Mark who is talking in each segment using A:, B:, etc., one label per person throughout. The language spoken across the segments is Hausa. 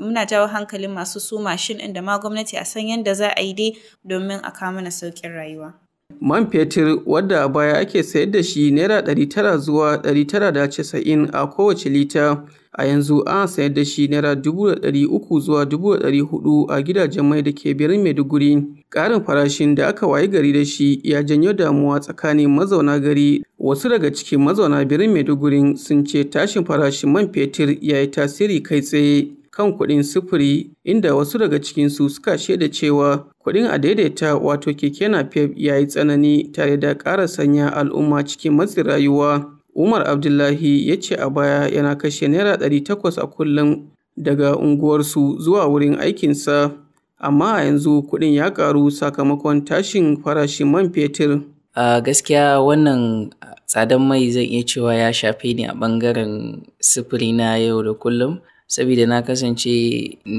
A: muna jawo hankalin masu su mashin inda ma gwamnati a san yadda za a yi dai domin a kawo mana sauƙin rayuwa.
B: Man fetur wadda a baya ake sayar da shi naira ɗari tara zuwa ɗari tara da casa'in a kowace lita a yanzu an sayar da shi naira dubu da zuwa dubu da a gidajen mai da ke birnin Maiduguri. Ƙarin farashin da aka wayi gari da shi ya janyo damuwa tsakanin mazauna gari wasu daga cikin mazauna birnin Maiduguri sun ce tashin farashin man fetur ya yi tasiri kai tsaye. kan kuɗin sufuri inda wasu daga cikinsu suka shaida cewa kuɗin a daidaita wato keke napep ya yi tsanani tare da ƙara sanya al'umma cikin matsin rayuwa. Umar Abdullahi ya ce a baya yana kashe Naira ɗari takwas a kullum daga unguwarsu zuwa wurin aikinsa, amma a yanzu kuɗin ya ƙaru sakamakon tashin farashin man fetur. A gaskiya wannan tsadan mai zan iya
C: cewa ya shafe ni a ɓangaren sufuri na yau da kullum. saboda na kasance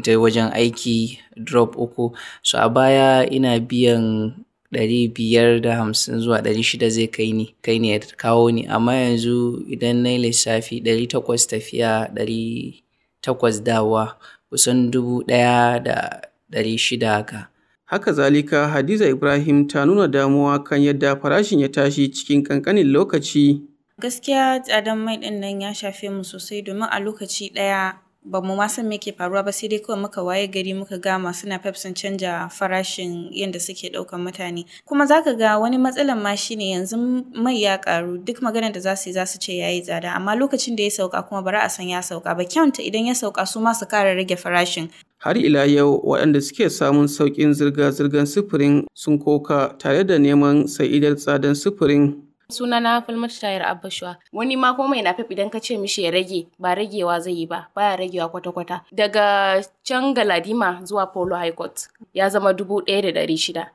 C: ta wajen aiki drop uku so a baya ina biyan ɗari biyar da hamsin zuwa ɗari shida zai kai ni kai ne ya kawo ni amma yanzu idan na yi lissafi ɗari takwas tafiya ɗari takwas dawa kusan dubu ɗaya da ɗari shida haka
B: haka zalika hadiza ibrahim ta nuna damuwa kan yadda farashin ya tashi cikin kankanin lokaci
A: gaskiya tsadan mai ɗin nan ya shafe mu sosai domin a lokaci ɗaya ba mu ma san me ke faruwa ba sai dai kawai muka waye gari muka ga masu na pep sun canja farashin yadda suke ɗaukan mutane kuma za ka ga wani matsalan ma shine yanzu mai ya karu duk maganar da za su yi za su ce yi tsada amma lokacin da ya sauka kuma bara a san ya sauka ba kyanta idan ya sauka su ma su kara rage
D: farashin
B: har ila yau waɗanda suke samun saukin zirga-zirgar sufurin sun koka tare da neman sa'idar tsadan sufurin
D: suna na Falmata Tayar Abbashuwa wani ma ko mai napep idan ka ce mishi ya rage ba ragewa zai yi ba baya ragewa kwata kwata daga can Galadima zuwa Polo High Court ya zama dubu ɗaya da ɗari shida.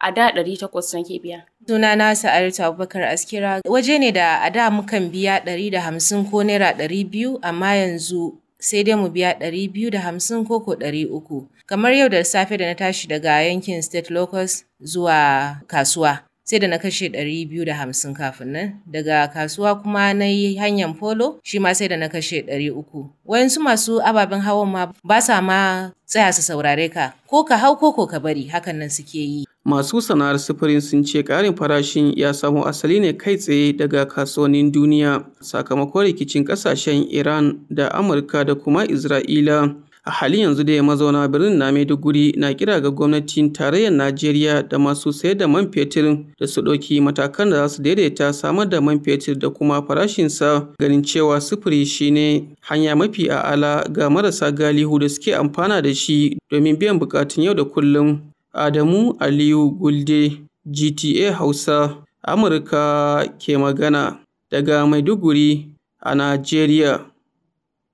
D: A da ɗari takwas nake biya. Suna na Sa'arta Abubakar Askira waje ne da a da mukan biya ɗari da hamsin ko naira ɗari biyu amma yanzu sai dai mu biya ɗari biyu da hamsin ko ko ɗari uku. Kamar yau da safe da na tashi daga yankin State Locals zuwa kasuwa. sai da na kashe ɗari biyu da hamsin kafin nan daga kasuwa kuma na yi hanyar polo shi ma sai da na kashe ɗari uku wayansu masu ababen hawan ma ba sa ma tsaya su saurare ka ko ka hau ko ka bari hakan nan suke
B: yi masu sana'ar sufurin sun ce ƙarin farashin ya samo asali ne kai tsaye daga kasuwannin duniya sakamakon rikicin ƙasashen iran da amurka da kuma isra'ila A halin yanzu dai mazauna birnin na Maiduguri na kira ga gwamnatin tarayyar Najeriya da masu sayar da man fetur da su ɗauki matakan da za su daidaita samar da man fetur da kuma farashinsa ganin cewa sufuri shine hanya mafi a'ala ga marasa galihu da suke amfana da shi domin biyan bukatun yau da kullum. Adamu Aliyu Gulde, GTA Hausa, Amurka ke magana daga Maiduguri a Najeriya.